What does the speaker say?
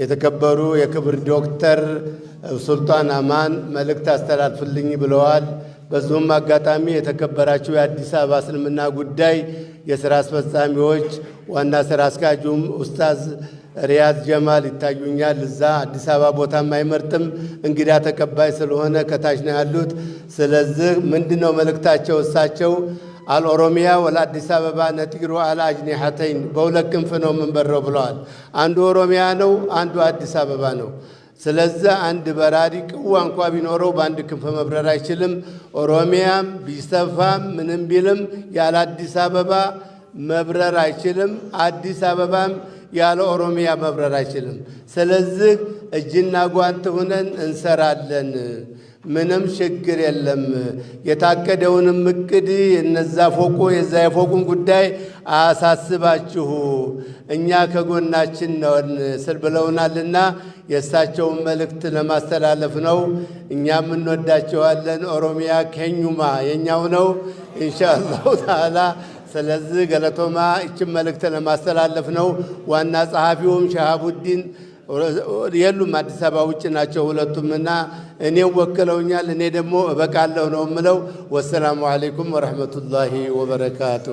የተከበሩ የክብር ዶክተር ሱልጣን አማን መልእክት አስተላልፍልኝ ብለዋል። በዚሁም አጋጣሚ የተከበራችሁ የአዲስ አበባ እስልምና ጉዳይ የስራ አስፈጻሚዎች ዋና ስራ አስኪያጁም ኡስታዝ ሪያዝ ጀማል ይታዩኛል። እዛ አዲስ አበባ ቦታም አይመርጥም፣ እንግዳ ተቀባይ ስለሆነ ከታች ነው ያሉት። ስለዚህ ምንድን ነው መልእክታቸው? እሳቸው አልኦሮሚያ ወላ አዲስ አበባ ነጢሩ አለ በሁለት ክንፍ ነው የምንበረው ብለዋል። አንዱ ኦሮሚያ ነው፣ አንዱ አዲስ አበባ ነው። ስለዚ አንድ በራሪ ቅዋ እንኳ ቢኖረው በአንድ ክንፍ መብረር አይችልም። ኦሮሚያም ቢሰፋም ምንም ቢልም ያለ አዲስ አበባ መብረር አይችልም። አዲስ አበባም ያለ ኦሮሚያ መብረር አይችልም። ስለዚህ እጅና ጓንት ሆነን እንሰራለን። ምንም ችግር የለም። የታቀደውንም እቅድ እነዛ ፎቁ የዛ የፎቁን ጉዳይ አያሳስባችሁ፣ እኛ ከጎናችን ነን ስል ብለውናልና የእሳቸውን መልእክት ለማስተላለፍ ነው። እኛም እንወዳቸዋለን። ኦሮሚያ ከኙማ የእኛው ነው። ኢንሻአላሁ ተዓላ ስለዚህ ገለቶማ ይችን መልእክት ለማስተላለፍ ነው። ዋና ጸሐፊውም ሸሃቡዲን የሉም፣ አዲስ አበባ ውጭ ናቸው ሁለቱም እና እኔ ወክለውኛል። እኔ ደግሞ እበቃለሁ ነው የምለው። ወሰላሙ አሌይኩም ወረሕመቱላሂ ወበረካቱ።